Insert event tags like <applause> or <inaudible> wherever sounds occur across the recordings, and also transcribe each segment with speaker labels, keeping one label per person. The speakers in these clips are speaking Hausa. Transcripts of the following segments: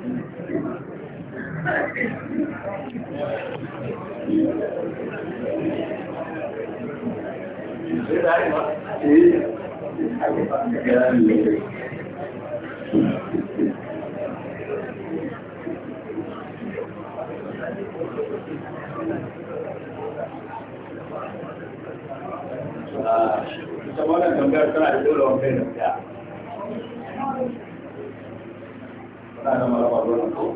Speaker 1: ita
Speaker 2: wannan tambayar tana da dole wani da yau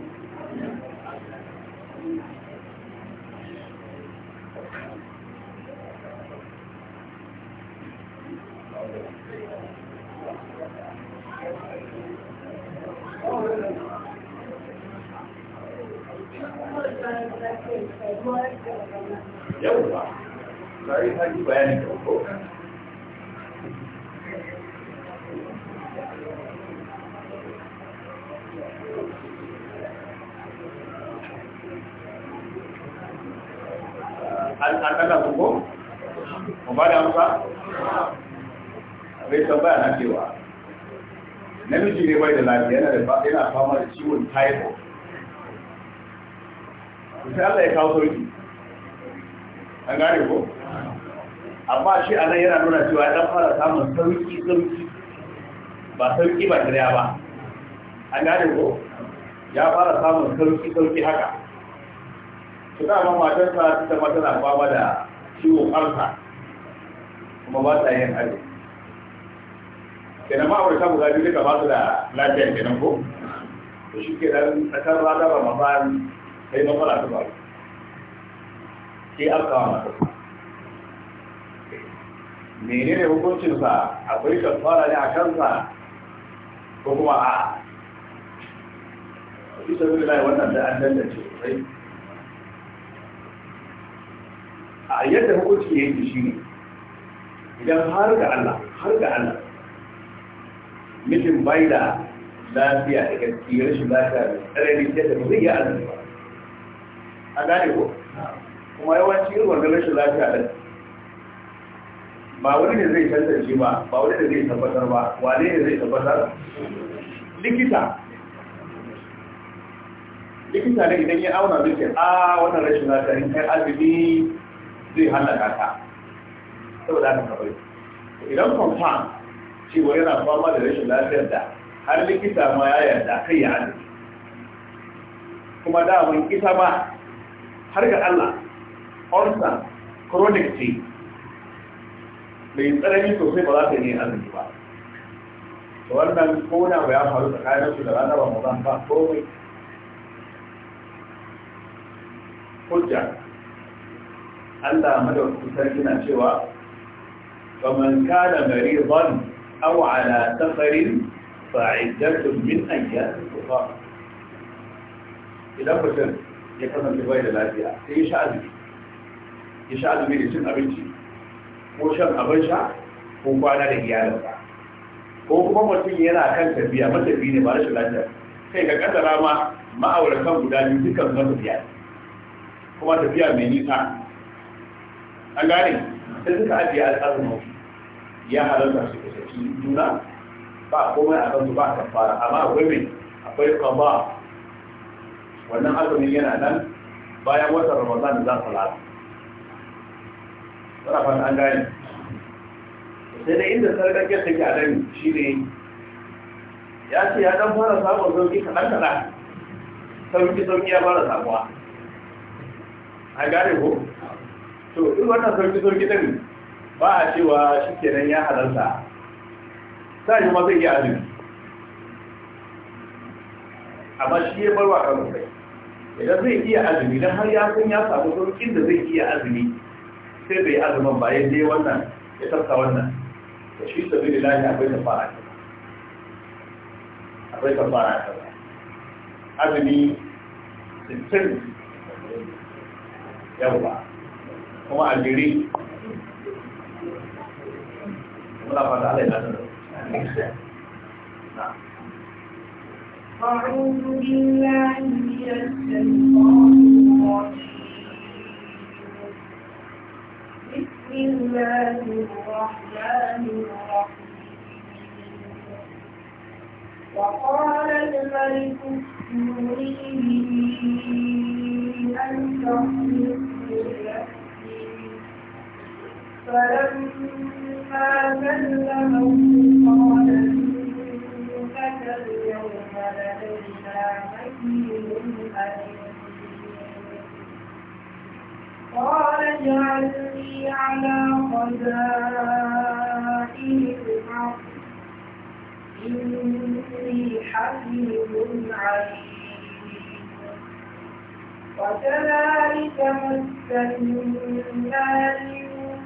Speaker 2: ba, sai haji bayanin da an ɗaga su ko? mu ba da amsa? bai tambaya na namiji ne bai da lafiya yana da yana fama da ciwon typhoid sai Allah ya kawo sauki an gane amma shi a yana nuna cewa ya fara samun sauki sauki ba sauki ba kariya ba an gane ko ya fara samun sauki sauki haka to dama matar sa ita ma tana fama da ciwon arsa kuma ba ta yin aure kenan ma'aurata guda biyu duka ba su da lafiya kenan ko to shi ke dan tsakar ranar ramadan sai matsala ta faru sai arsa wa matar menene hukuncinsa akwai kafara ne a kansa ko kuma a fi sabi da wannan da an dandace sosai a yadda hukunci ya yi shi ne idan har ga Allah har ga Allah mijin bai da lafiya da gaske rashin lafiya da tsarari ta da zai yi azumi ba a gane ko kuma yawanci yin wannan rashin lafiya da ba wani ne zai tantance ba ba wani ne zai tabbatar ba wane ne zai tabbatar likita likita ne idan ya auna zai ce a wannan rashin lafiya in kai azumi zai hallaka ta saboda haka ka bari idan confirm cewa yana fama da rashin lafiyar da har likita ma ya yarda kai ya hada kuma da mun ita ma har ga Allah onsa chronic ce mai tsanani sosai ba za ta yi azumi ba to wannan ko na ya faru kayan su da ranar zan ba komai hujja Allah madauki sarki na cewa faman kana maridan aw ala safarin fa iddatun min ayyamin ukhra idan mutum ya kasance bai da lafiya sai ya sha azumi ya sha azumi da cin abinci ko shan abin sha ko kwana da iyalinsa ko kuma mutum yana kan tafiya matafi ne ba rashin lafiya kai ga kadara rama ma'auratan guda biyu dukkan su matafiya kuma tafiya mai nisa an gane sai suka ajiye al'azumar ya halarta su da saki juna ba komai a kansu ba kafara amma akwai mai akwai kaba wannan azumin yana nan bayan watan ramadan za su lada wani fata an gane sai dai inda sarƙaƙƙen take a nan shi ne ya ce ya ɗan fara samun sauƙi kaɗan-kaɗan sauƙi-sauƙi ya fara samuwa an gane ko to duk wannan sauki sauki din ba a cewa shi kenan ya halarta sa yi ma zai yi azumi amma shi ya barwa kan kai idan zai iya azumi dan har ya san ya samu sauƙin da zai iya azumi sai bai azumin ba ya je wannan ya tafka wannan da shi sabi da lafiya akwai ta fara ta akwai ta fara ta azumi sittin yawa kuma a jiri muna fata alai da
Speaker 3: وقال فلما قال إنك اليوم لدينا قال اجعلني على خزائن الأرض إني حكيم عليم وكذلك مكنا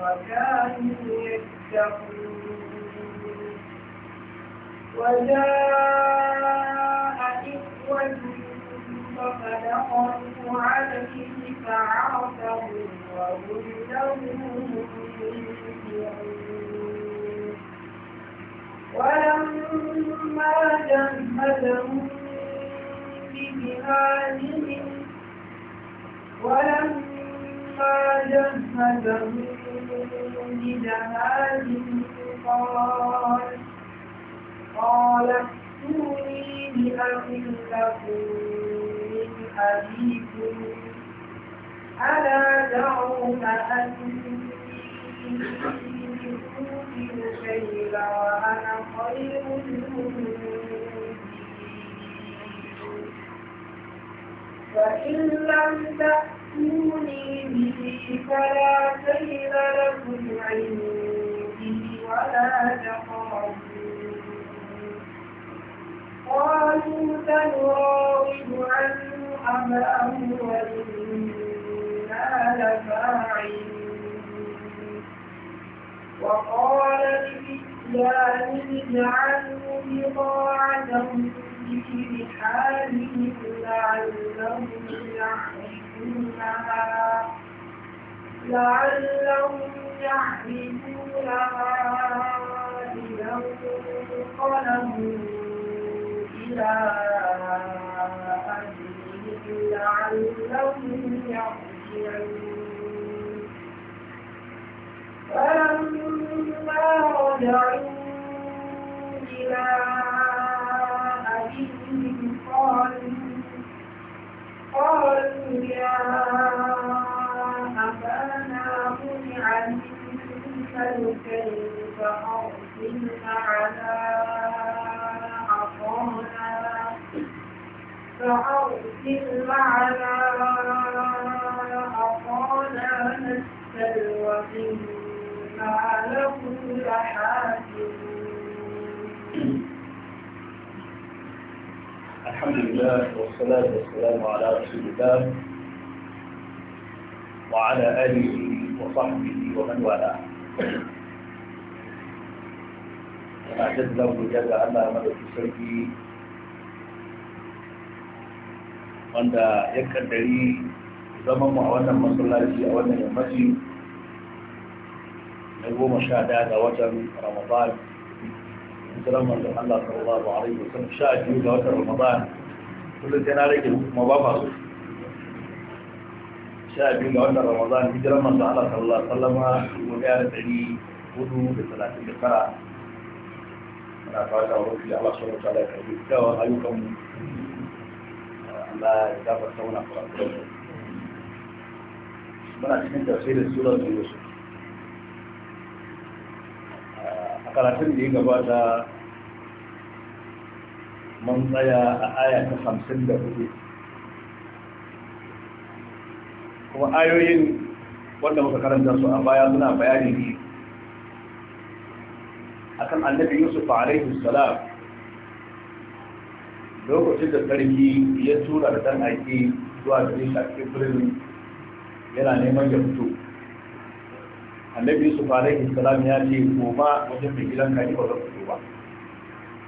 Speaker 3: وكانوا يتقون وجاء إخوة فخلقوا عليه فعرفه وهم له ولما جهزهم بجهازهم ولما جهزهم Di dalam Tuhan, olehku ini akhir tahun, ini akibat ada daun rahasia, ini فلا كيد لكم عندي ولا تقربون قالوا سنراود عنه أباه وإنا لفاعلون وقال
Speaker 2: لفتيان
Speaker 3: اجعلوا بضاعتهم في رحالهم لعلهم يعرفونها لعلهم يحملونها إذا انقلبوا إلى أهلهم لعلهم يرجعون فلما رجعوا إلى أبيهم قالوا قالوا يا أطانا أطانا وإنا
Speaker 2: الحمد لله والصلاة والسلام على رسول الله وعلى آله وصحبه ومن والاه yana jin zamu ga Allah su sarki wanda ya kaddari zaman mu a wannan masallaci a wannan yammaci na goma sha daya ga watan ramadan hijiran manzon Allah sallallahu alaihi wasallam sha biyu ga watan ramadan kullum sai na rage kuma ba ba su شابين قلنا رمضان هجرة ما صلى الله صلى الله صلى الله عليه وسلم وقال في صلاة القراءة أنا فاجأ وروفي الله صلى الله عليه وسلم كوا أيكم لا يجاب الثونة قرآن بنا كمين تفسير السورة من يوسف أقل أسن دي قبعدة من ضيا آية خمسين دفوتي kuma ayoyin wanda muka karanta su a baya suna bayani ne akan annabi yusuf alaihi salam lokacin da sarki ya tura da dan aiki zuwa gare a cikin yana neman ya fito annabi yusuf alaihi salam ya ce ba wajen mai gidan kaji ba zan fito ba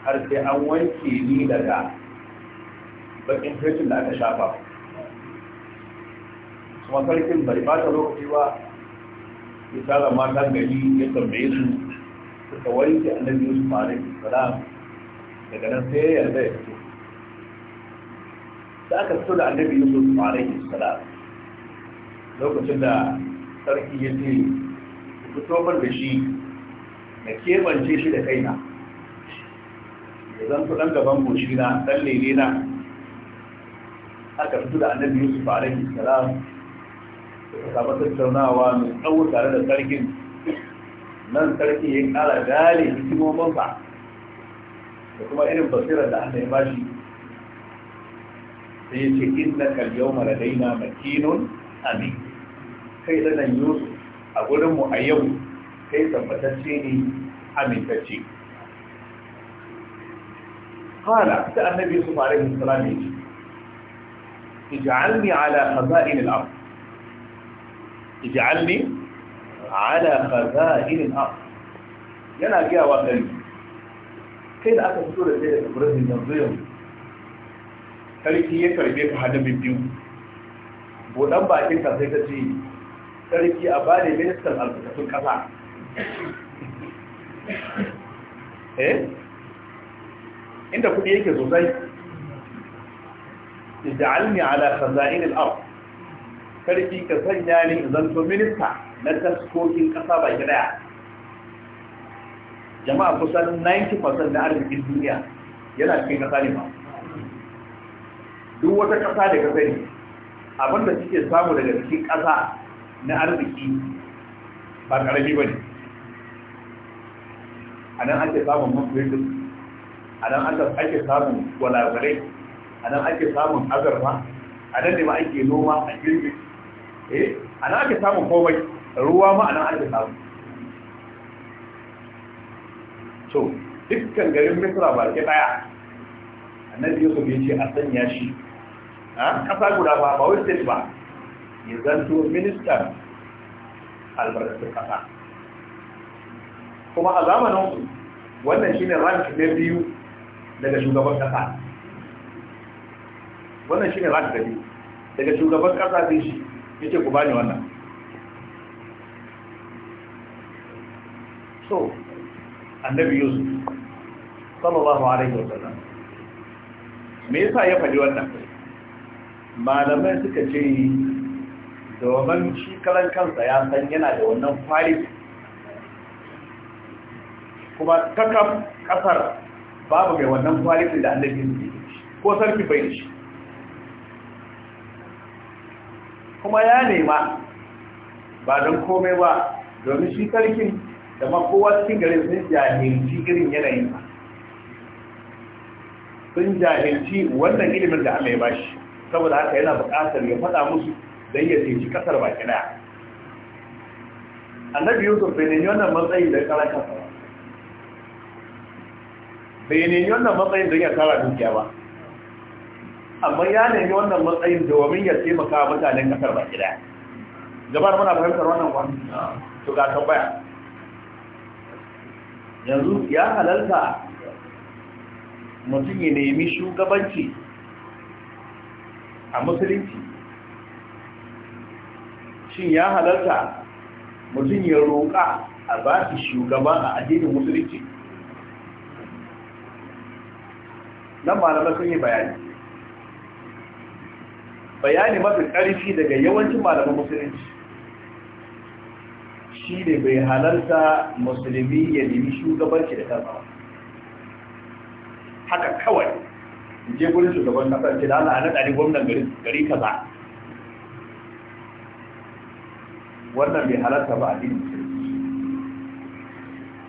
Speaker 2: har sai an wanke ni daga bakin fetin da aka shafa kuma sarkin bai ba ta lokaci ba ya tara mata gari ya tambaye su suka wanke annabi fara yi salam daga nan sai ya yarda ya fito da aka fito da annabi yusuf alaihi fara lokacin da sarki ya ce fito da shi na kebance shi da kaina ya zan fi ɗan gaban goshi na ɗan lele na aka fito da annabi yusuf alaihi salam samu tattaunawa mai tsawo tare da sarkin nan sarki ya kara gane hikimominsa da kuma irin basirar da Allah ya bashi sai ya ce inna kal yawma ladaina makinun amin kai da nan Yusuf a gurin mu a yau kai tabbatacce ne amintacce qala ta annabi Yusuf alaihi salam ya ce ij'alni ala khaza'in al-ardh ij'alni ala khaza'in al-ard yana ga wa kai kai da aka fito da daga birnin yanzu yanzu sarki ya karbe ka hada biyu bodan bakin ka sai ka ce sarki a bada ministan albarkatun ƙasa. <laughs> eh inda kuɗi yake sosai ij'alni ala khaza'in al-ard sarki ka sanya ni zanto minista na taskokin ƙasa ba ki daya jama'a kusan 90% na arzikin duniya yana cikin ƙasa ne ba duk wata ƙasa da ka sani abinda suke samu daga cikin ƙasa na arziki ba ƙarami ba ne a nan ake samun mafiyoyin a nan ake samun gwalagwarai a nan ake samun azarfa a nan da ma ake noma a girbi eh ana ake samun komai ruwa ma ana ake samu to dukkan garin misra ba ke daya annabi yusuf ya ce a sanya shi a kasa guda ba ba wai state ba ya zanto ministan albarkatun kasa kuma a zamanin wannan shine rank na biyu daga shugaban kasa wannan shine rank da biyu daga shugaban kasa sai shi yace ku bani wannan so annabi yusuf sallallahu alaihi wasallam me yasa ya faɗi wannan malamai suka ce domin shi karan kansa ya san yana da wannan kwari kuma kam kasar babu mai wannan kwalifin da annabi yusuf ko sarki bai da shi kuma ya nema ba don komai ba domin shi sarkin da makowa cikin garin sun jahilci irin yanayin ba sun jahilci wannan ilimin da Allah ya bashi saboda haka yana buƙatar ya faɗa musu don ya teji ƙasar baki ɗaya annabi yusuf bai nemi wannan matsayin da kara kasa ba bai nemi wannan matsayin don ya kara dukiya ba amma ya nemi wannan matsayin domin ya taimaka mutanen kasar ba gida gabar muna fahimtar wannan wani to ga tambaya yanzu ya halalta mutum ya nemi shugabanci a musulunci shin ya halarta mutum ya roƙa a ba shi shugaba a addinin musulunci nan malamar sun yi bayani bayani mafi ƙarfi daga yawancin malaman musulunci shi ne bai halarta musulmi ya nemi shugabanci da kansa haka kawai je gurin shugaban kasar ce da ana naɗa ɗari gwamnan gari kaza wannan bai halarta ba a dini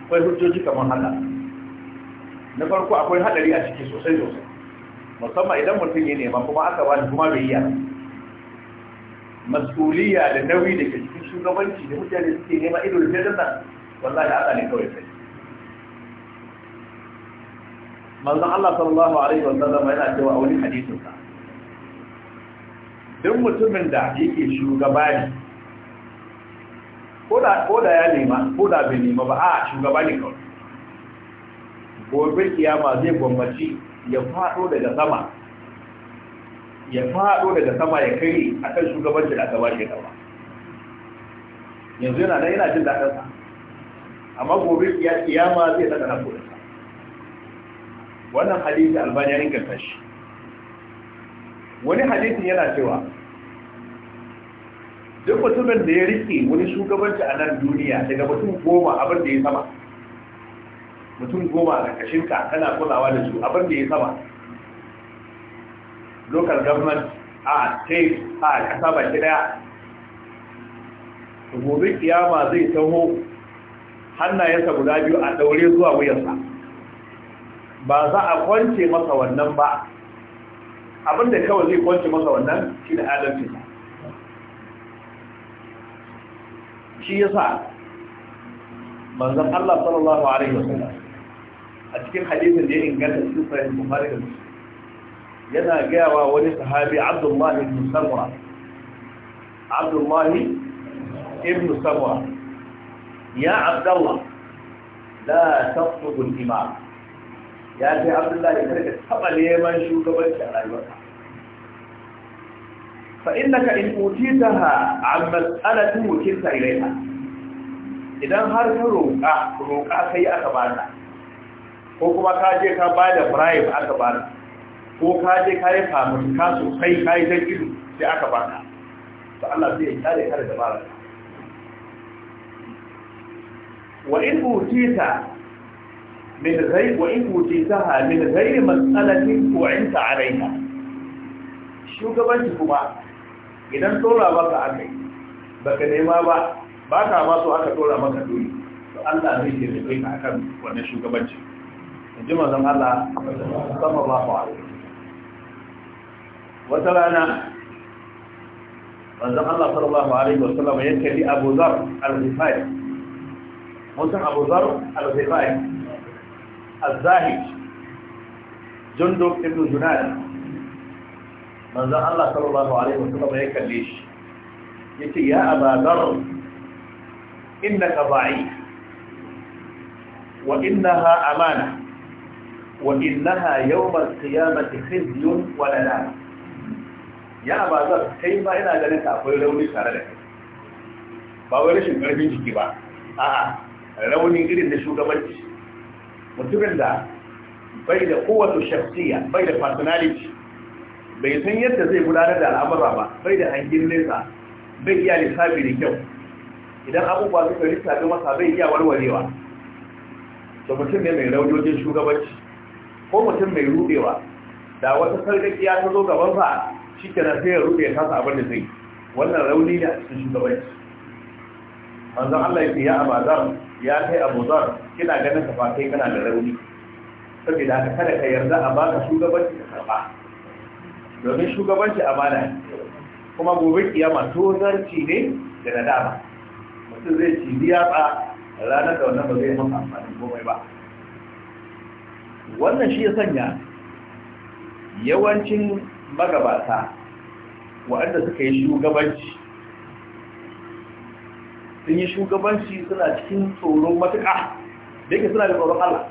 Speaker 2: akwai hujjoji kamar haka na farko akwai haɗari a ciki sosai sosai musamman idan mutum ya nema kuma aka bani kuma bai yi yana masuliya da nauyi da ke cikin shugabanci da mutane suke nema ido da sai nan wallahi haɗa ne kawai sai manzan Allah sallallahu alaihi wasallam yana cewa a wani hadisin duk mutumin da yake shugaba ne ko da ya nema ko da bai nema ba a shugaba ne kawai gobe kiyama zai gwammaci ya fado daga sama ya faɗo daga sama ya kai a kan shugabancin da aka ba shi yanzu yana nan yana jin daɗinsa amma gobe ya kiyama zai daga na kodinsa wannan hadisi albani ya inganta shi wani hadisi yana cewa duk mutumin da ya riƙe wani shugabanci a nan duniya daga mutum goma abin da ya sama mutum goma a ƙarƙashinka kana kulawa da su abin da ya sama local government a state a kasa baki daya gobe kiyama zai taho hannayensa guda biyu a daure zuwa wuyansa ba za a kwance masa wannan ba abinda kawai zai kwance masa wannan shi da adalcinsa shi yasa manzon Allah sallallahu alaihi wasallam a cikin hadisin da ya inganta cikin sahih Bukhari da su yana gayawa wani sahabi abdullahi ibn samura abdullahi ibn samura ya abdullah la taqtubu al-imam ya ce abdullahi kada ka taba neman shugabanci a rayuwarka fa innaka in utitaha an mas'alatin wukilta ilaiha idan har ka roƙa roƙa kai aka bada ko kuma ka je ka bada bribe aka bada ko ka je ka yi famun ka sosai ka yi don sai aka ba baka to Allah zai kyale ka da dabara wa in utita min zai wa in utitaha min ghayr mas'alatin tu'inta alayha shugabanci kuma idan tora baka akai baka nema ba baka ma so aka tora maka dole to Allah zai ce ka akan wannan shugabanci in ji manzon Allah sallallahu alaihi وتبعنا رزق الله صلى الله عليه وسلم يكلي أبو ذر الغفائي موسى أبو ذر الغفائي الزاهد جندب ابن جنان رزق الله صلى الله عليه وسلم يذكر يكلي يا أبا ذر إنك ضعيف وإنها أمانة وإنها يوم القيامة خزي ولنام ya ba zan kai ba ina ganin ta akwai rauni tare da kai ba wai rashin karfin jiki ba a'a rauni irin na shugabanci mutumin da bai da kowace shafsiya bai da personality bai san yadda zai gudanar da al'amura ba bai da hangin nesa bai iya lissafi da kyau idan abubuwa suka lissafi masa bai iya warwarewa to mutum ne mai raujojin shugabanci ko mutum mai rubewa da wata sarkakiya ta zo gaban sa shi kenan sai ya rude ya kasa abin da zai wannan rauni ne a cikin shugabanci manzan Allah ya ce ya ya kai abuzar kina ganin ka fa kai kana da rauni sabi da kada ka yarda a baka shugabanci ka karba domin shugabanci amana ne kuma gobe kiyama zarci ne da nadama mutum zai ci biya ba ranar da wannan ba zai maka amfani komai ba wannan shi ya sanya yawancin magabata waɗanda suka yi shugabanci sun yi shugabanci suna cikin tsoron matuƙa da yake suna da tsoron Allah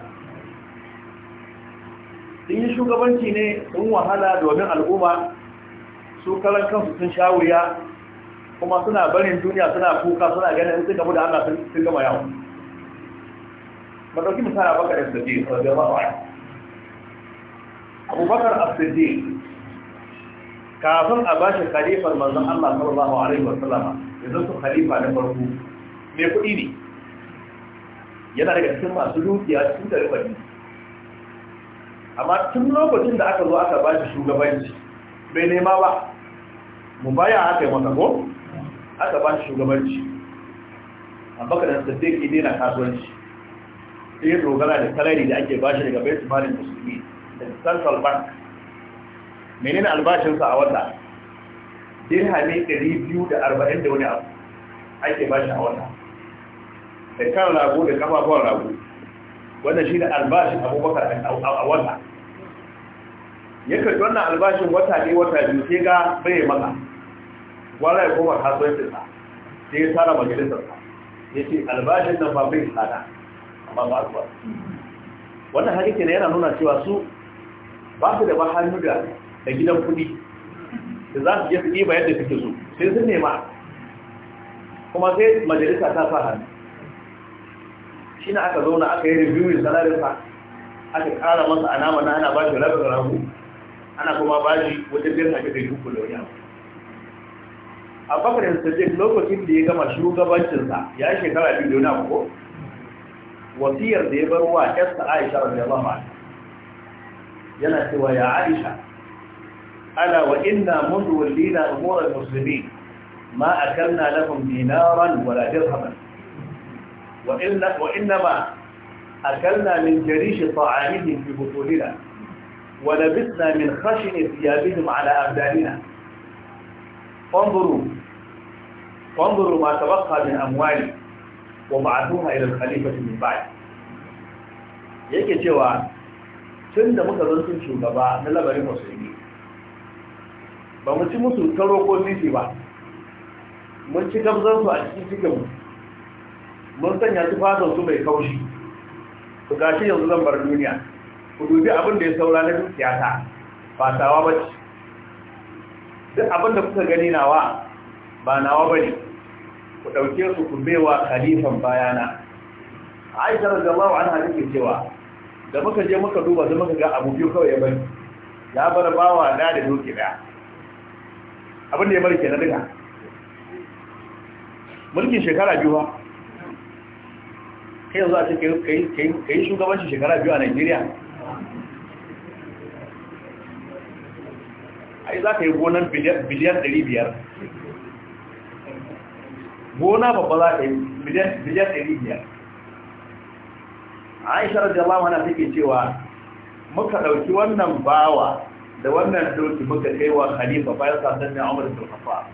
Speaker 2: sun yi shugabanci ne sun wahala domin al'umma su kalan kansu sun sha wuya kuma suna barin duniya suna kuka suna ganin sun gamu da Allah sun gama yawo ba misali abubakar as-siddiq radiyallahu anhu abubakar as kafin a ba shi khalifar manzon Allah sallallahu alaihi wasallama yanzu su khalifa na farko mai kuɗi ne yana daga cikin masu dukiya cikin da rubani amma tun lokacin da aka zo aka ba shi shugabanci bai nema ba mu baya aka yi masa ko aka ba shi shugabanci abubakar da saddiq ne na kasuwanci sai dogara da salari da ake ba shi daga su malin musulmi da central bank menene albashinsa a wata dirhami 240 da wani abu ake bashi a wata da kan rago da kafafuwan rago wanda shi da albashin abubakar a wata ya kai wannan albashin wata ne wata biyu sai ga bai maka gwara ya koma kasuwancinsa sai ya tara majalisarsa ya ce albashin nan ba bai tsada amma ba su ba wannan hadisi ne yana nuna cewa su ba su da ba hannu da da gidan kuɗi da za su je su ɗiba yadda suke so sai sun nema kuma sai majalisa ta sa hannu shi na aka zauna aka yi reviewin sanarinsa aka kara masa alama na ana ba shi rabin rahu ana kuma ba shi wajen birnin ake da yi da wani abu a bakarin sajjik lokacin da ya gama shugabancinsa ya yi shekara biyu da wani ko wasiyar da ya bar wa yasta aisha ba yana cewa ya aisha ألا وإنا منذ ولينا أمور المسلمين ما أكلنا لهم دينارا ولا درهما وإن وإنما أكلنا من جريش طعامهم في بطوننا ولبسنا من خشن ثيابهم على أبداننا فانظروا فانظروا ما تبقى من أموالي وبعثوها إلى الخليفة من بعد yake جوا سنة da muka zantun shugaba na ba mu ci musu taro ko sisi ba mun ci su a cikin cikinmu mun sanya su fatan su mai kaushi su gashi yanzu zan bar duniya ku dubi abin da ya saura na dukiya ta ba tawa ba ce duk abin da kuka gani nawa ba nawa ba ne ku ɗauke su ku bewa khalifan bayana aisha radiyallahu anha take cewa da muka je muka duba sai muka ga abu biyu kawai ya bari ya bar bawa da da doki daya abin da ya bari kenan duka mulkin shekara biyu ba kai yanzu a ce ka yi shugabancin shekara biyu a nigeria ai za ka yi gonan biliyan 500 gona babba za ka yi biliyan 500 aisha da na suke cewa muka ɗauki wannan bawa da wannan doki muka kai wa khalifa bayan sasan na umar bin khattab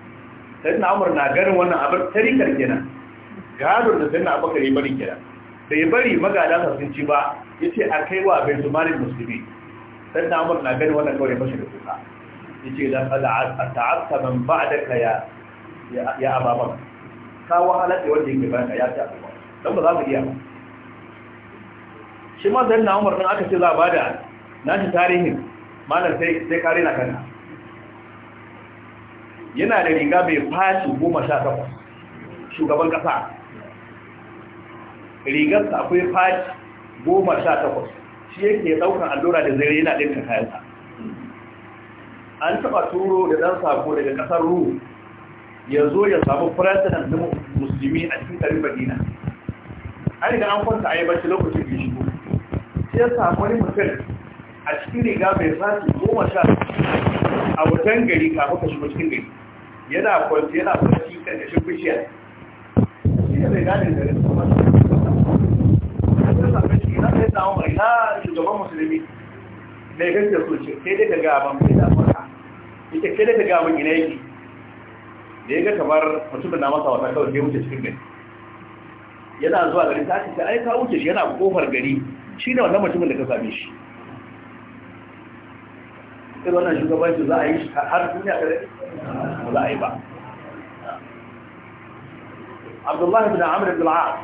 Speaker 2: sai umar na ganin wannan abin tarikar kenan gadon da sai na abakar bari kenan bai bari magada sun ci ba yace a kai wa baitul malik Musulmi. sai umar na ganin wannan kawai mashi da kuka yace da qala ta'atta man ba'daka ya ya ababa ka wahala da wanda yake baka ya ta dan ba za mu iya ba shi ma sai na umar din aka ce za a da nashi tarihin malar sai kare na kanta. yana da riga mai fashi goma sha takwas shugaban kasa rigarsa akwai fashi goma sha takwas shi yake daukan allura da zai yana ɗinka kayansa an taɓa turo da ɗan sako daga ƙasar ruhu ya zo ya samu president na musulmi a cikin ɗari badina an riga an kwanta a yi bashi lokacin da shigo sai ya samu wani mutum a cikin riga mai sati goma sha a wajen gari kafin ka shigo cikin gari yana kwanci yana kwanci ƙarƙashin bishiya shi ne mai gane da rinsu ba na sai samu mai na shugaban musulmi mai gaske so ce sai dai daga abin mai damarka ita sai dai daga abin ina yake da ya ga kamar mutum na masa wata kawai sai wuce cikin gari yana zuwa gari ta ce ai ka wuce shi yana kofar gari shi ne wannan mutumin da ka same shi sai wannan shugabanci za a yi har duniya kare ba za a yi ba abdullahi bin amir bin al'ad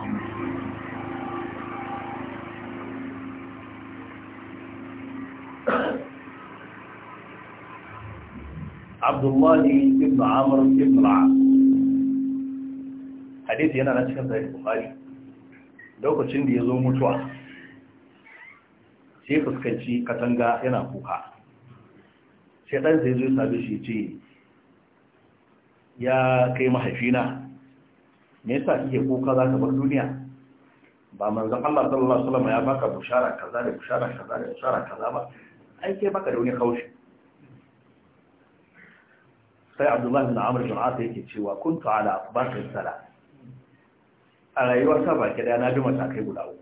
Speaker 2: abdullahi bin amir bin al'ad hadisi yana na cikin sahih bukhari lokacin da ya zo mutuwa sai fuskanci katanga yana kuka sai dan sai zo sami shi ce ya kai mahaifina me yasa kike kuka za ka bar duniya ba manzon Allah sallallahu alaihi wasallam ya baka bushara kaza da bushara kaza da bushara kaza ba ai kai baka da wani kaushi sai Abdullahi na Amr bin As yake cewa kuntu ala asbaqis sala a rayuwar ta baki daya na bi matakai guda uku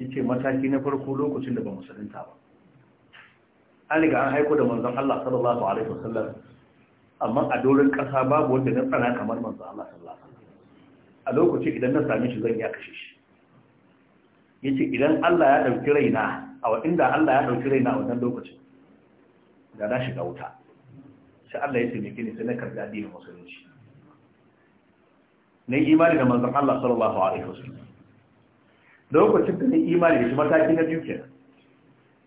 Speaker 2: yace mataki na farko lokacin da ba musulunta ba an riga an haiko da manzon Allah sallallahu alaihi wasallam amma a doren kasa babu wanda ya tsana kamar manzon Allah sallallahu alaihi wasallam a lokaci idan na same shi zan ya kashe shi yace idan Allah ya dauki raina a inda Allah ya dauki raina a wannan lokacin da na shiga wuta sai Allah ya taimake ni sai na karbi addinin musulunci na imani da manzon Allah sallallahu alaihi wasallam lokacin da na imani da shi mataki na biyu kenan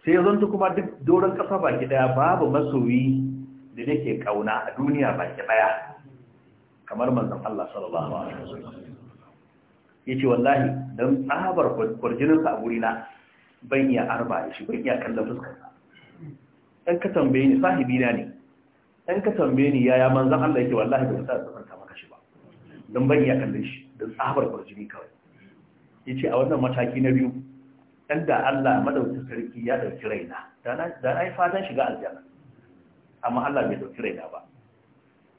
Speaker 2: sai ya zonta kuma duk doron ƙasa baki ɗaya babu masoyi da nake ƙauna a duniya baki ɗaya kamar manzon Allah sallallahu alaihi wasallam yace wallahi dan tsabar kurjinin sa a gurina ban iya arba shi ban iya kallon fuskar sa dan ka tambaye ni sahibi na ne dan ka tambaye ni yaya manzon Allah yake wallahi ban sa san ta maka shi ba dan ban iya kallon shi dan tsabar kurjini kawai yace a wannan mataki na biyu dan da Allah madauki sarki ya dauki raina da na yi fatan shiga aljanna amma Allah bai dauki raina ba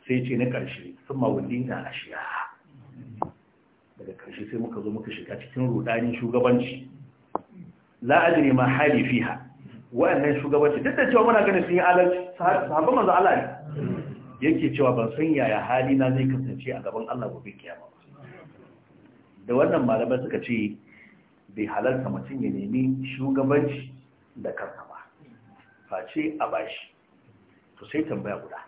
Speaker 2: sai ce na karshe sun mawulina a shiya daga karshe sai muka zo muka shiga cikin rudanin shugabanci la adri ma hali fiha wa'annan shugabanci duk da cewa muna ganin sun yi alaji sahabban manzo Allah ne yake cewa ban san yaya hali na zai kasance a gaban Allah gobe kiyama ba da wannan malamai suka ce bai halarta mutum ya nemi shugabanci da kansa ba face a bashi to sai tambaya guda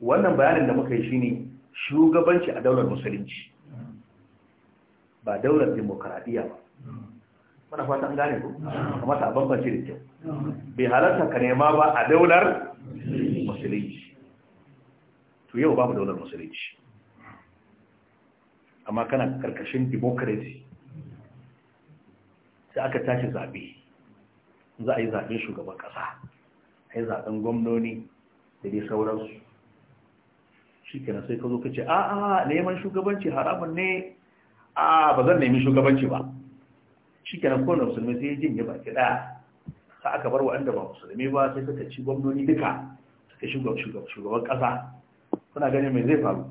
Speaker 2: wannan bayanin da muka yi shine shugabanci a daular musulunci ba daular demokradiyya ba fata an gane ko a ta bambance da kyau bai halarta ka nema ba a daular musulunci to yau babu daular musulunci amma kana karkashin democracy sai aka tashi zaɓe za a yi zaɓen shugaban ƙasa a yi zaɓen gwamnoni da dai sauransu shi kenan sai ka zo ka ce a a neman shugabanci haramun ne a ba zan nemi shugabanci ba shi kenan kowane musulmi sai ya jin ya baki ɗaya sai aka bar waɗanda ba musulmi ba sai suka ci gwamnoni duka suka shugaban ƙasa kuna ganin mai zai faru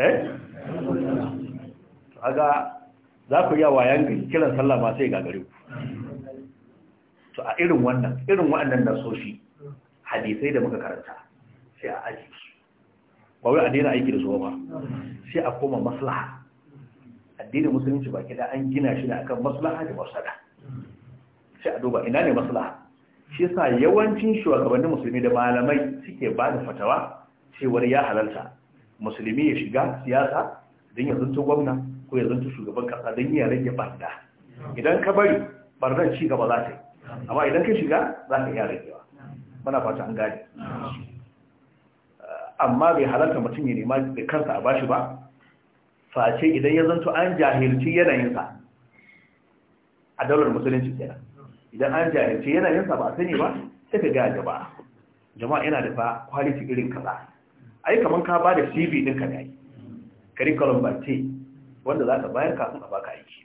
Speaker 2: eh? aga za ku iya wayan gari kiran sallah ba sai gagare ku to a irin wannan irin waɗannan nasoshi hadisai da muka karanta sai a aji ba wai addini aiki da zuwa ba sai a koma maslaha addinin musulunci baki da an gina shi ne akan maslaha da mafsada sai a duba ina ne maslaha shi yasa yawancin shugabannin musulmi da malamai suke ba da fatawa cewar ya halarta musulmi ya shiga siyasa don ya zanto gwamna ko ya zanta shugaban kasa don iya rage barda idan ka bari barnar ci gaba za ta yi amma idan ka shiga za ka iya ragewa mana fata an gane amma bai halarta mutum ya nema da kansa a bashi ba face idan ya zanto an jahilci yanayinsa a daular musulunci kenan idan an jahilci yanayinsa ba a sani ba sai ka ga gaba jama'a yana da fa kwaliti irin kaza ai kaman ka ba da cv ka ne ai curriculum ba ce wanda za ka bayar kafin a baka aiki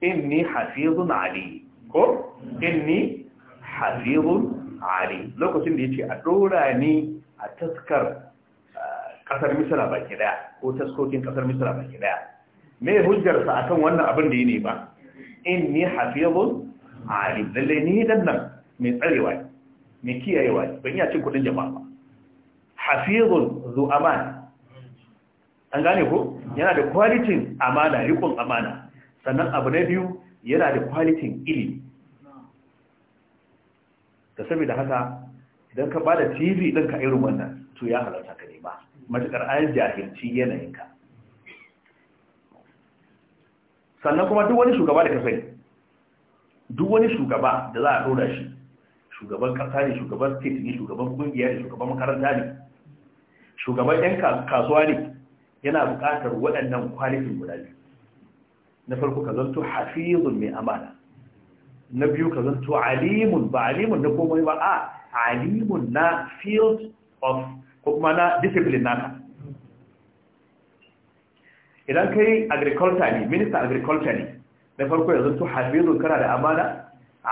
Speaker 2: inni hafizun ali ko inni hafizun ali lokacin da yace a dora ni a taskar kasar misira baki daya ko taskokin kasar misira baki daya me hujjar sa akan wannan abin da yake ba inni hafizun ali lalle ni dan nan mai tsarewa mai kiyayewa ban iya cin kudin jama'a ba hafizun zu'aman an gane ko yana da kwalitin amana rikon amana sannan abu na biyu yana da kwalitin ilimi ta da haka idan ka bada tv ɗin ka irin wannan to ya halarta ka nema matuƙar an jahilci yanayinka sannan kuma duk wani shugaba da ka sani duk wani shugaba da za a ɗora shi shugaban ƙasa ne shugaban state ne shugaban ƙungiya ne shugaban makaranta ne shugaban 'yan kasuwa ne yana buƙatar waɗannan kwalifin guda biyu na farko ka zanto hafizun mai amana na biyu ka zanto alimun ba alimun na komai ba a alimun na field of ko kuma na discipline naka idan kai agriculture ne minister agriculture ne na farko ya zanto hafizun kana da amana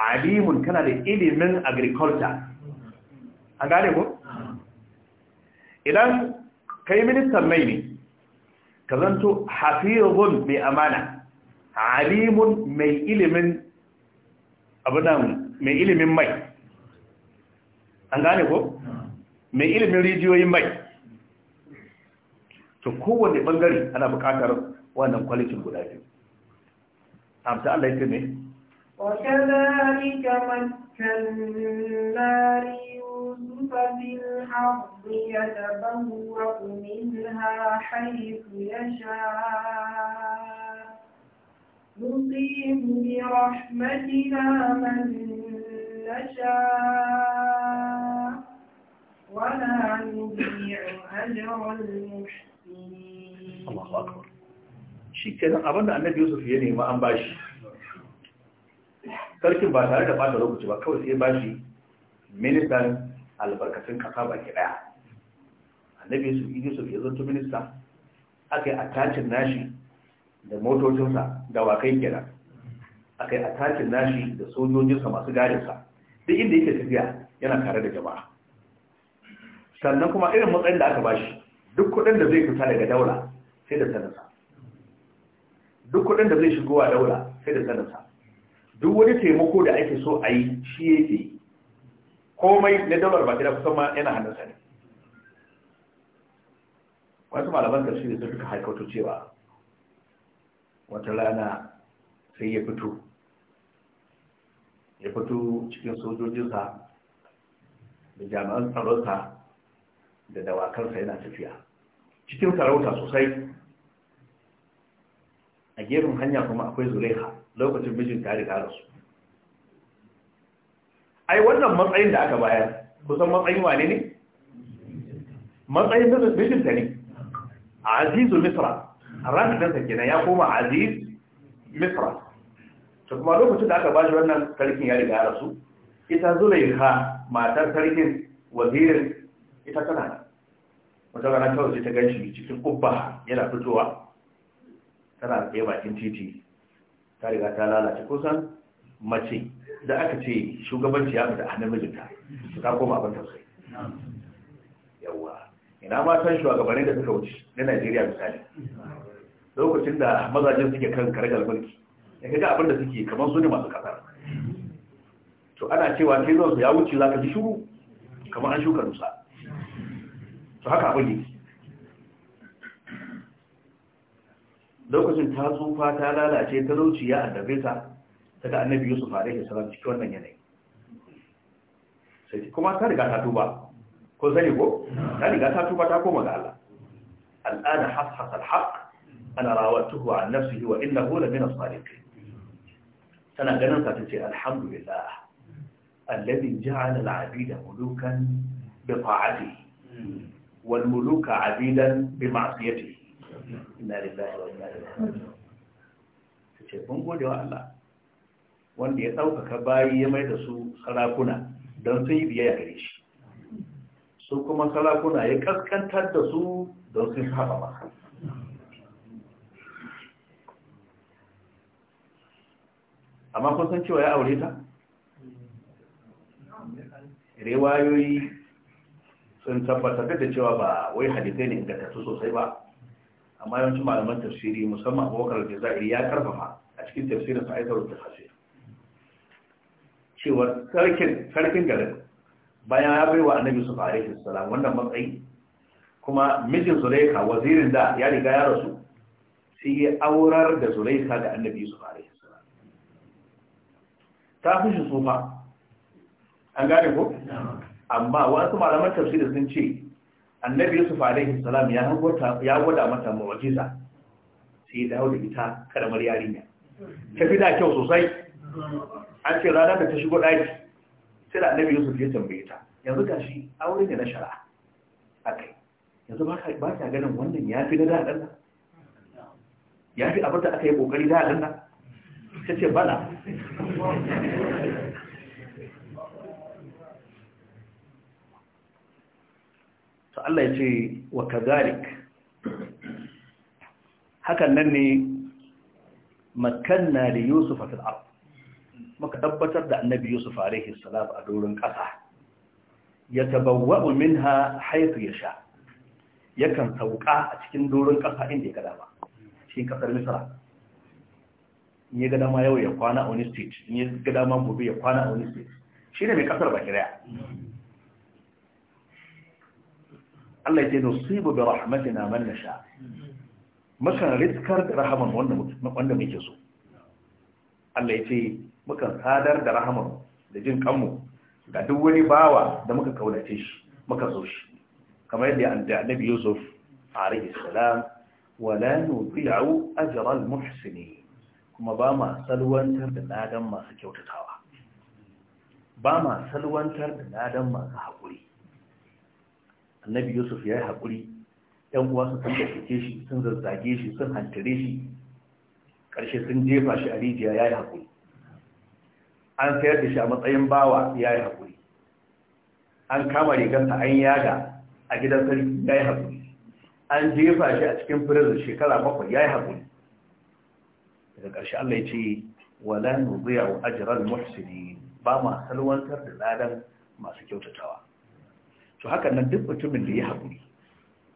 Speaker 2: alimun kana da ilimin agriculture an gane ko idan kai ministan mai ne ka zanto hafizun mai amana alimun mai ilimin abinan mai ilimin mai an gane ko mai ilimin rijiyoyin mai to kowane bangare ana bukatar wannan kwalitin guda biyu amsa Allah ya ce ne
Speaker 3: wa kadhalika man kannari فبالحرب يتبوأ منها حيث يشاء نصيب برحمتنا من نشاء ولا نضيع أجر المحسنين
Speaker 2: الله أكبر شكرا أبدا أن يوسف يني ما أنباشي sarkin ba tare da ba da lokaci ba kawai sai ba shi ministan albarkatun ƙasa baki ɗaya annabi yi su ya zanto minista aka yi attacin nashi da motocinsa da wakai gida aka yi attacin nashi da sojojinsa masu gadinsa duk inda yake tafiya yana tare da jama'a sannan kuma irin matsayin da aka bashi duk kuɗin da zai fita daga daula sai da sanarsa duk kuɗin da zai shigo a daula sai da sanarsa duk wani taimako da ake so a yi shi yake yi komai na dalar ba gida kusan ma yana hannunsa ne wasu malaman da sun suka haikautu cewa wata rana sai ya fito ya fito cikin sojojinsa da jami'an tsaronsa da dawakarsa yana tafiya cikin sarauta sosai a gefen hanya kuma akwai zulaiha lokacin mijin tare da su. ai wannan matsayin da aka bayar kusan matsayin wane ne matsayin ta ne azizu misra da ɗansa kenan ya koma aziz misra to kuma lokacin da aka ba shi wannan sarkin ya riga rasu ita zulaikha matar sarkin wazirin ita tana nan wata rana kawai ta ganshi cikin kubba yana fitowa tana tsaye bakin titi ta riga ta lalace kusan mace da aka ce shugabanci ya da a namijinta su ta koma abin tausayi yawwa ina ma san shugabannin da suka wuce na najeriya misali lokacin da mazajen suke kan karagar mulki ya kaga abin da suke kamar su ne masu kasar to ana cewa sai zuwa su ya wuce za ka ji shuru kamar an shuka nusa to haka abin yake lokacin ta tsufa ta lalace talauci ya addabe ta ta ga annabi yusuf alaihi salam cikin wannan yanayi sai kuma ta riga ta tuba ko sani ko ta riga ta tuba ta koma ga Allah al'ana hafhas al-haq ana rawatuhu an nafsihi wa innahu la min as-sadiqin tana ganin ta tace alhamdulillah alladhi ja'ala al-'abida mulukan bi ta'atihi wal muluka 'abidan bi ma'siyatihi inna lillahi wa inna ilaihi raji'un tace mun gode wa Allah wanda ya ɗaukaka bayi ya mai da su sarakuna don sun yi biyayya gare shi su kuma sarakuna ya kaskantar da su don sun saba ba amma kun san cewa ya aure ta rewayoyi sun tabbatar da cewa ba wai hadisai ne tattu sosai ba amma yawancin malaman tafsiri musamman abubakar da za'iri ya karfafa a cikin tafsirin sa'aitar da tafsir cewar sarkin garin bayan ya bai wa annabi su fara shi salam wannan matsayi kuma mijin zulaika wazirin da ya riga ya rasu su ya aurar da zulaika da annabi su fara shi salam ta fi shi tsufa an gane ko amma wasu malaman tafsiri sun ce annabi yusuf alaihi salam ya gwada mata mu'jiza sai ya dawo da ita karamar yarinya ta fi da kyau sosai an ce ranar da ta shigo ɗaki sai da annabi yusuf ya tambaye ta yanzu ga shi aure ne na shara'a. a kai yanzu ba ta ganin wannan ya fi na daɗin nan ya fi abin da aka yi ƙoƙari daɗin nan ta ce bala ta Allah ya ce wa kazalik hakan nan ne makanna da yusuf a fil'ar muka tabbatar da annabi yusuf alaihi salam a doron ƙasa ya tabawwa'u minha haythu yasha yakan sauka a cikin doron ƙasa inda ya gada ba, shi kasar misra in ya ga ma yau ya kwana a wani state in ya gada ma gobe ya kwana a wani state shi ne mai kasar ba kiraya Allah ya ce nusibu bi rahmatina man nasha mukan riskar da rahaman wanda muke so Allah ya ce mukan sadar da rahamar da jin kanmu ga duk wani bawa da muka kaunace shi muka so shi kamar yadda annabi yusuf alayhi salam wala nudhi'u ajra al-muhsinin kuma ba ma salwantar da ladan masu kyautatawa ba ma salwantar da ladan masu haƙuri annabi yusuf ya yi haƙuri uwa su sun gaske shi sun zazzage shi sun hantare shi ƙarshe sun jefa shi a rijiya ya yi haƙuri an sayar da shi a matsayin bawa ya yi haƙuri an kama rigarsa an yaga a gidan sarki ya yi haƙuri an jefa shi a cikin firizin shekara bakwai ya yi haƙuri daga ƙarshe Allah ya ce wala nuziya wa ajiyar muhsini ba ma salwantar da ladan masu kyautatawa to haka nan duk mutumin da ya haƙuri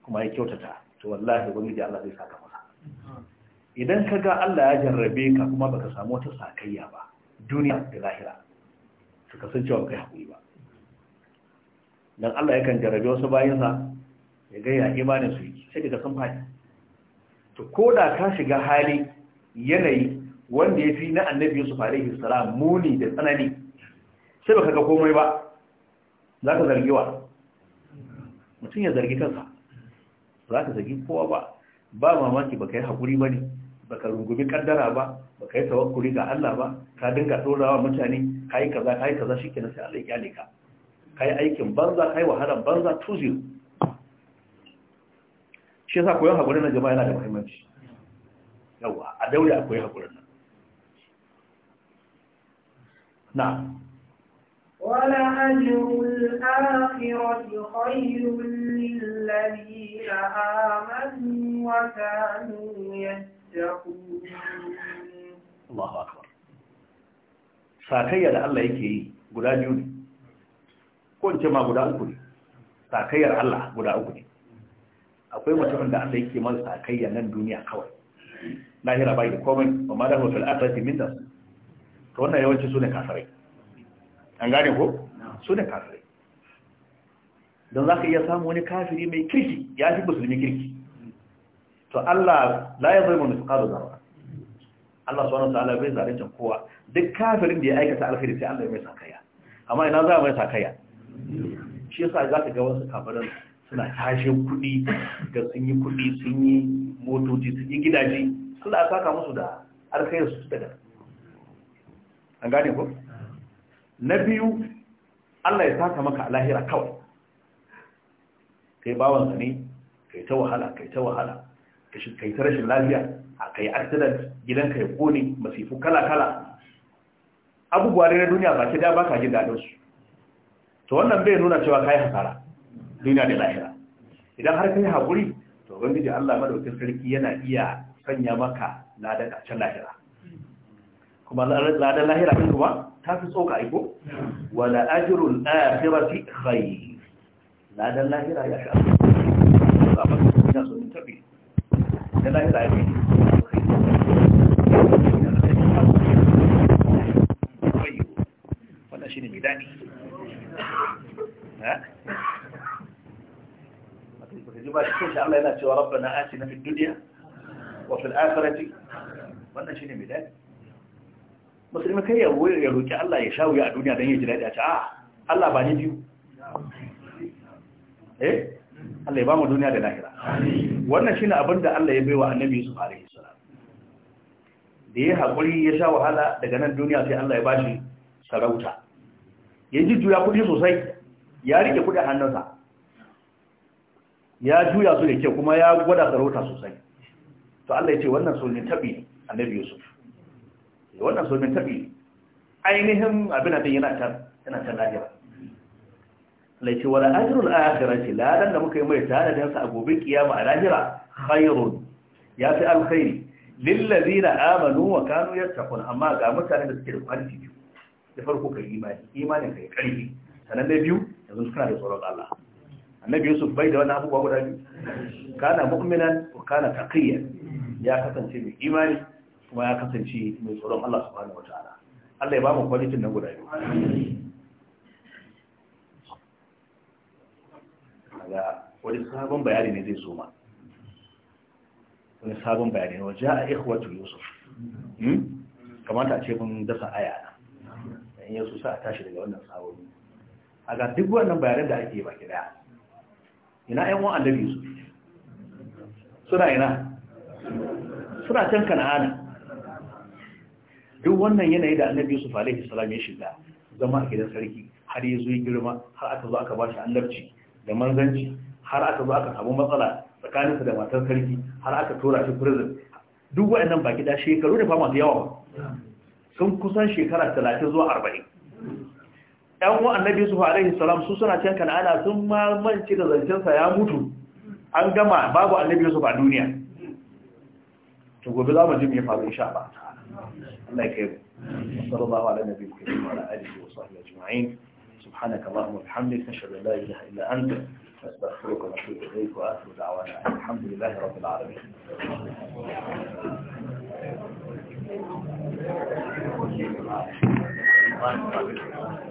Speaker 2: kuma ya kyautata to wallahi wani da Allah zai saka masa idan ka ga Allah ya jarrabe ka kuma baka samu wata sakayya ba duniya da lahira su cewa kai haƙuri ba don Allah ya kan jarabe wasu bayansa ya gaya imanin su yi sai da sun fahimta to ko da ka shiga hali yanayi wanda ya fi na annabi yusuf alaihi salam muni da tsanani sai baka ga komai ba za ka zargi wa mutum ya zargi kansa za ka zargi kowa ba ba mamaki ka yi haƙuri ba ne baka rungumi kaddara ba baka yi tawakkuli ga Allah ba ka dinga dorawa mutane kai kaza kai kaza shikenan sai Allah ya kyale ka kai aikin banza kai wahalan banza tuzi, shi yasa koyon hakuri na jama'a yana da muhimmanci yawa a daure akwai hakuri nan na
Speaker 3: ولأجر الآخرة خير للذين آمنوا وكانوا يتقون تتقون
Speaker 2: sakayya da Allah yake yi guda biyu ne ko in ce ma guda uku ne sakayyar Allah guda uku ne akwai mutumin da Allah yake masa sakayya nan duniya kawai hira bai da komai amma da hotel a min das to wannan yawanci ne kafirai an gane ko su ne kafirai don ka iya samu wani kafiri mai kirki ya fi musulmi kirki to Allah la ya zai mun kada zarra Allah subhanahu wataala bai zalunta kowa duk kafirin da ya aikata alkhairi sai Allah ya mai sakaya amma ina za mai sakaya shi yasa za ka ga wasu kafirin suna tashi kuɗi da sun yi kuɗi sun yi motoci sun yi gidaje suna saka musu da alkhairi su daga an gane ko na biyu Allah ya saka maka lahira kawai kai bawansa ne kai ta wahala kai ta wahala kai ta rashin lafiya a kai accident gidan kai kone masifu kala-kala abubuwa ne na duniya ba ki da ba ka daɗin su to wannan bai nuna cewa ka yi hasara duniya da lahira idan har ka yi haƙuri to ubangiji allah madaukin sarki yana iya sanya maka ladan a can lahira kuma ladan lahira ɗin kuma ta fi tsoka aiko wala ajirul akhirati khayr ladan lahira ya fi a ba wannan ne mai yana cewa rabba na wannan ne mai musulmi kai ya ya roƙi Allah ya shawo a duniya don ya ji a ce a ah, Allah ba ni biyu eh Allah ya ba mu duniya da lahira amin wannan shine abin da Allah ya baiwa annabi Yusuf a salam da ya haƙuri ya sha wahala daga nan duniya sai Allah ya ba shi sarauta ya ji juya kuɗi sosai ya rike kuɗi hannunsa ya juya su da kyau kuma ya gwada sarauta sosai to Allah ya ce wannan sulmin tabi annabi Yusuf eh, wannan sulmin tabi ainihin abin da yana ta yana can lafiya laice wala ajrul akhirati ladan da muka yi mai da sa a gobe kiyama a lahira khairun ya fi alkhairi lil ladina amanu wa kanu yattaqun amma ga mutane da suke da kwanti biyu da farko kai imani imanin kai karfi sanan da biyu yanzu suna da tsoron Allah annabi Yusuf bai da wannan abubuwa guda biyu kana mu'minan wa kana taqiyan ya kasance mai imani kuma ya kasance mai tsoron Allah subhanahu wataala Allah ya ba mu kwalitin nan guda biyu wani sabon bayani ne zai zoma? wani sabon bayani wa ja'a ikhwatu yusuf hmm? kamata a ce mun dasa aya na in yasu sa a tashi daga wannan sabon a ga duk wannan bayanan da ake baki daya ina yan wan annabi yusuf suna ina suna can kana'ana duk wannan yanayi da annabi yusuf alaihi salam ya shiga zama a gidan sarki har ya zo girma har aka zo aka ba shi annabci da manzanci har aka zo aka samu matsala tsakaninsa da matar sarki har aka tura shi prison duk waɗannan baki da shekaru da fama da yawa sun kusan shekara talatin zuwa arba'in ɗan wa annabi su alaihi salam su suna can kan'ana sun ma manci da zancensa ya mutu an gama babu annabi su ba duniya to gobe za mu ji me faru insha Allah Allah ya kai mu sallallahu ala nabiyyi wa ala alihi wa sahbihi ajma'in subhanaka allahumma wa bihamdika ashhadu an la ilaha illa anta أستغفرك ونتوب إليك وآخر دعوانا الحمد لله رب العالمين Thank you.